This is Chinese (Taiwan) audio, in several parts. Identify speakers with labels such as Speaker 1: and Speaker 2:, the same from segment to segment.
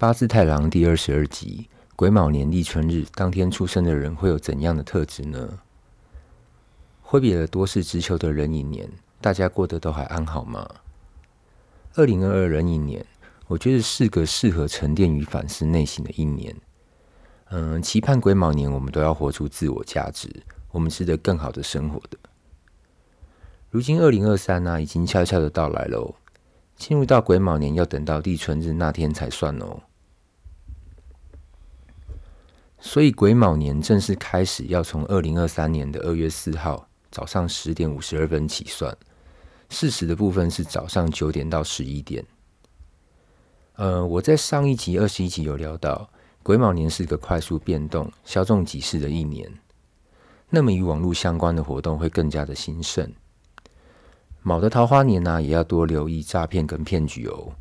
Speaker 1: 八字太郎第二十二集：癸卯年立春日當天出生的人會有怎樣的特質呢？揮別了多事之秋的壬寅年，大家過得都還安好嗎？二零二二壬寅年，我覺得是個適合沉澱與反思內心的一年。嗯，期盼癸卯年，我們都要活出自我價值，我們值得更好的生活的。如今二零二三呢，已經悄悄的到來了，進入到癸卯年，要等到立春日那天才算哦。所以癸卯年正式開始要從二零二三年的二月四號早上十點五十二分起算，巳時，的部分是早上九點到十一點。呃，我在上一集二十一集有聊到，癸卯年是個快速變動、稍縱即逝，的一年，那麼與網絡相關的活動會更加的興盛。卯的桃花年呢、啊，也要多留意詐騙跟騙局哦。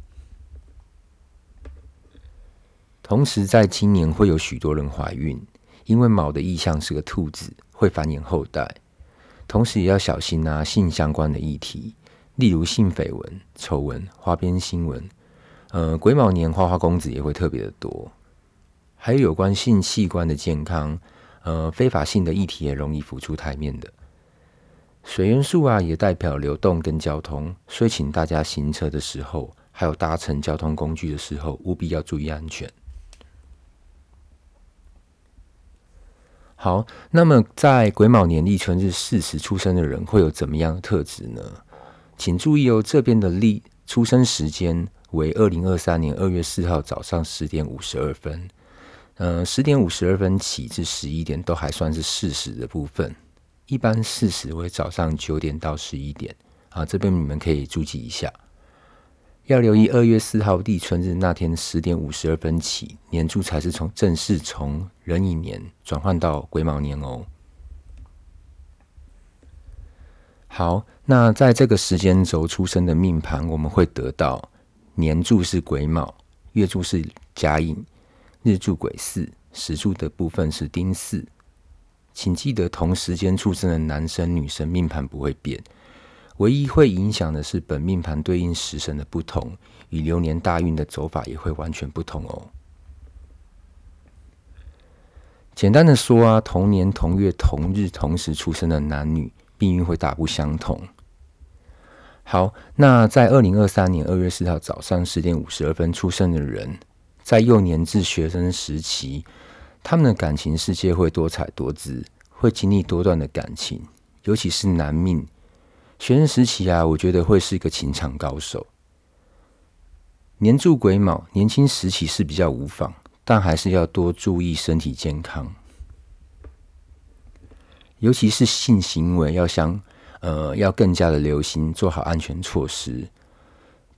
Speaker 1: 同時，在今年會有許多人懷孕，因為卯的意象是個兔子，會繁衍後代。同時，也要小心啊，性相關的議題，例如性緋聞、醜聞、花邊新聞。呃，癸卯年花花公子也會特別的多，還有有關性器官的健康，呃，非法性的議題也容易浮出台面的。水元素啊，也代表流動跟交通，所以請大家行車的時候，還有搭乘交通工具的時候，務必要注意安全。好，那麼在癸卯年立春日巳時出生的人會有怎麼樣的特質呢？請注意哦，這邊的立出生時間為二零二三年二月四號早上十點五十二分，呃，十點五十二分起至十一點都還算是巳時的部分。一般巳時為早上九點到十一點啊，這邊你們可以注意一下。要留意二月四號立春日那天十點五十二分起，年柱才是從正式從壬寅年轉換到癸卯年哦。好，那在這個時間軸出生的命盤，我們會得到年柱是癸卯，月柱是甲寅，日柱癸巳，時柱的部分是丁巳。請記得同時間出生的男生、女生命盤不會變。唯一會影響的是本命盤對應時辰的不同，與流年大運的走法也會完全不同哦。簡單的說啊，同年同月同日同時出生的男女，命運會大不相同。好，那在二零二三年二月四號早上十點五十二分出生的人，在幼年至學生時期，他們的感情世界會多彩多姿，會經歷多段的感情，尤其是男命。全盛時期啊，我覺得會是一個情場高手。年柱癸卯，年輕時期是比較無妨，但還是要多注意身體健康，尤其是性行為要相，呃、要更加的留心，做好安全措施。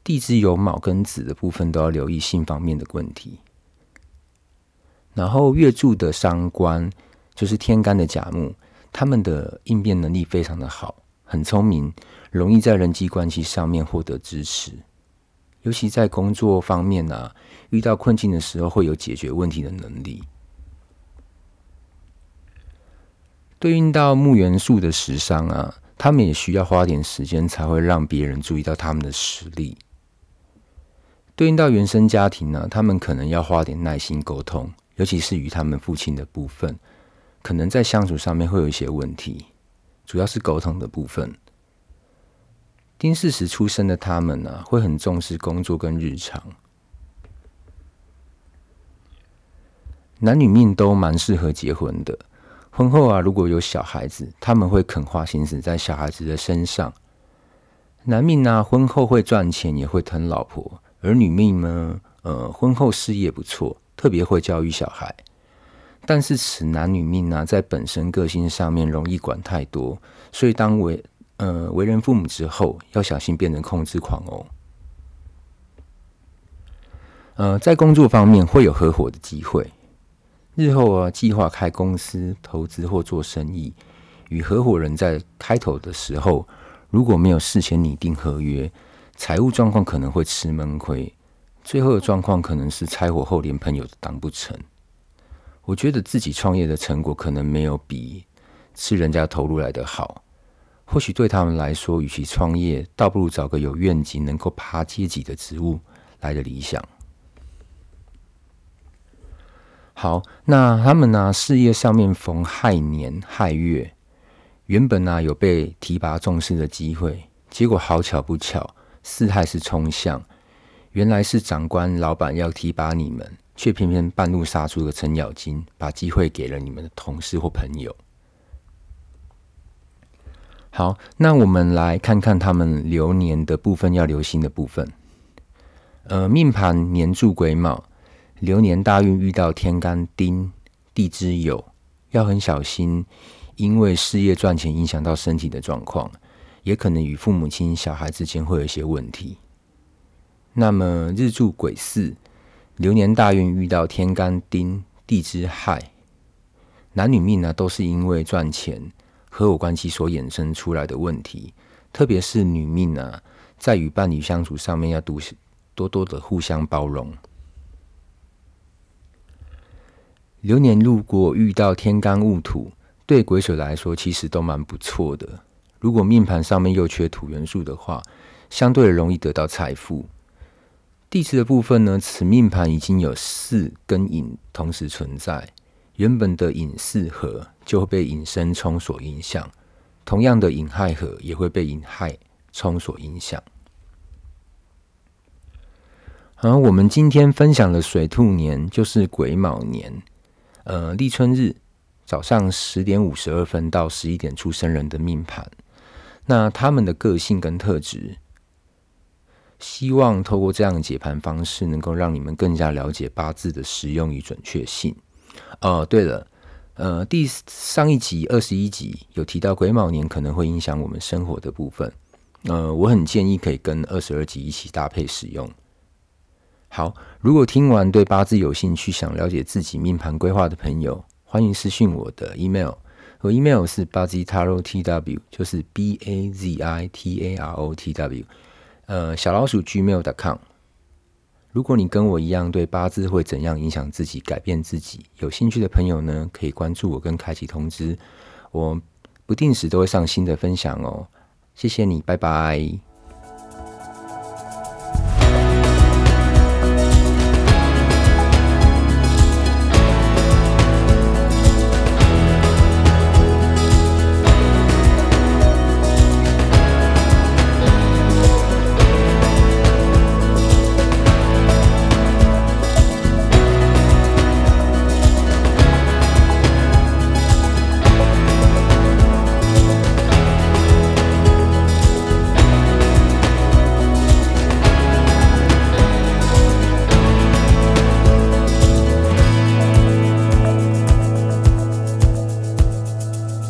Speaker 1: 地支酉卯跟子的部分都要留意性方面的問題。然後月柱的傷官就是天干的甲木，他們的應變能力非常的好。很聰明，容易在人際關係上面獲得支持，尤其在工作方面呢、啊，遇到困境的時候會有解決問題的能力。對應到木元素的食傷啊，他們也需要花點時間才會讓別人注意到他們的實力。對應到原生家庭呢、啊，他們可能要花點耐心溝通，尤其是與他們父親的部分，可能在相處上面會有一些問題。主要是溝通的部分。丁巳時出生的他們呢、啊，會很重視工作跟日常。男女命都蠻適合結婚的。婚後啊，如果有小孩子，他們會肯花心思在小孩子的身上。男命呢、啊，婚後會賺錢，也會疼老婆；而女命呢，呃，婚後事業不錯，特別會教育小孩。但是此男女命呢、啊，在本身個性上面容易管太多，所以當為呃為人父母之後，要小心變成控制狂哦。呃，在工作方面會有合夥的機會，日後啊計劃開公司、投資或做生意，與合夥人，在開頭的時候如果沒有事先擬定合約，財務狀況可能會吃悶虧，最後的狀況可能是拆夥後連朋友都當不成。我覺得自己創業的成果可能沒有比是人家投入來得好，或許對他們來說，與其創業，倒不如找個有願景、能夠爬階級的職務來得理想。好，那他們呢、啊？事業上面逢亥年亥月，原本呢、啊、有被提拔重視的機會，結果好巧不巧，巳亥是沖向，原來是長官老板要提拔你們。卻偏偏半路殺出個程咬金，把機會給了你們的同事或朋友。好，那我們來看看他們流年的部分要留心的部分。呃，命盤年柱癸卯，流年大運遇到天干丁地支酉，要很小心，因為事業賺錢影響到身體的狀況，也可能與父母親、小孩之間會有一些問題。那麼日柱癸巳。流年大運遇到天干丁地支亥，男女命呢、啊、都是因為賺錢合夥關係所衍生出來的問題，特別是女命呢、啊，在與伴侶相處上面要多多的互相包容。流年路過遇到天干戊土，對癸水來說其實都蠻不錯的。如果命盤上面又缺土元素的話，相對的容易得到財富。地支的部分呢，此命盤已經有巳跟寅同時存在，原本的寅巳合就會被寅申沖所影響，同樣的寅亥合也會被寅亥沖所影響。而我們今天分享的水兔年就是癸卯年，呃，立春日早上十點五十二分到十一點出生人的命盤，那他們的個性跟特質。希望透過這樣的解盤方式，能夠讓你們更加了解八字的實用與準確性。呃，對了，呃，第上一集二十一集有提到癸卯年可能會影響我們生活的部分，呃，我很建議可以跟二十二集一起搭配使用。好，如果聽完對八字有興趣、想了解自己命盤規劃的朋友，歡迎私訊我的 email，我 email 是八字 tarot tw，就是 b a z i t a r o t w。呃，小老鼠 Gmail.com。如果你跟我一樣對八字會怎樣影響自己、改變自己，有興趣的朋友呢，可以關注我跟開啟通知，我不定時都會上新的分享哦。謝謝你，拜拜。